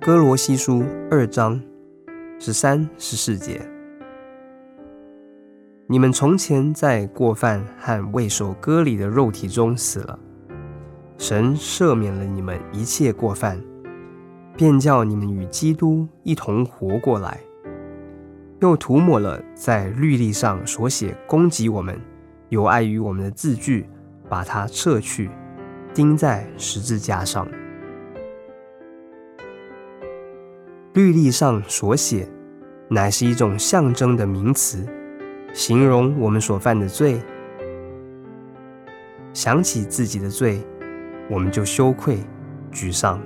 歌羅西書二章十三、十四節：你們從前在過犯和未受割禮的肉體中死了，神赦免了你們一切過犯，便叫你們與基督一同活過來，又塗抹了在律例上所寫攻擊我們、有礙於我們的字句，把它撤去，釘在十字架上。履歷上所寫，乃是一種象徵的名詞，形容我們所犯的罪。想起自己的罪，我們就羞愧、沮喪。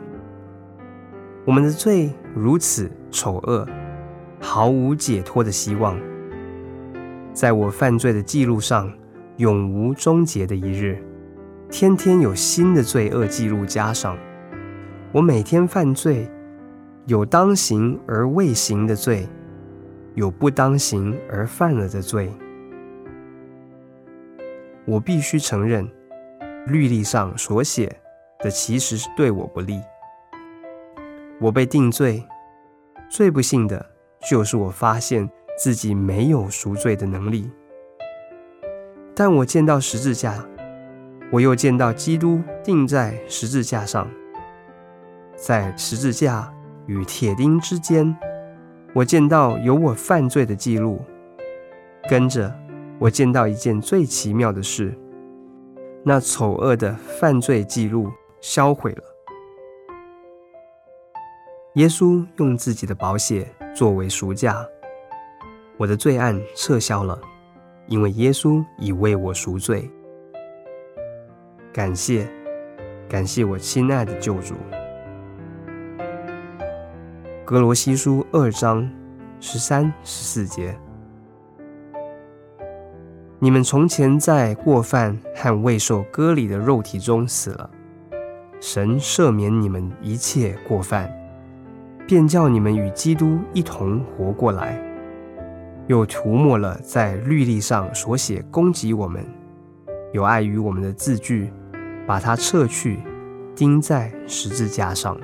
我們的罪如此醜惡，毫無解脫的希望。在我犯罪的記錄上，永無終結的一日，天天有新的罪惡記錄加上。我每天犯罪。有當行而未行的罪，有不當行而犯了的罪。我必須承認，律例上所寫的其實是對我不利。我被定罪，最不幸的就是我發現自己沒有贖罪的能力。但我見到十字架，我又見到基督釘在十字架上，在十字架。與鐵釘之間，我見到有我犯罪的記錄。跟着，我見到一件最奇妙的事：那醜惡的犯罪記錄銷毀了。耶穌用自己的寶血作為贖價，我的罪案撤銷了，因為耶穌已為我贖罪。感謝，感謝我親愛的救主。歌羅西書二章十三、十四節：你們從前在過犯和未受割禮的肉體中死了，神赦免你們一切過犯，便叫你們與基督一同活過來，又塗抹了在律例上所寫攻擊我們、有礙於我們的字句，把它撤去，釘在十字架上。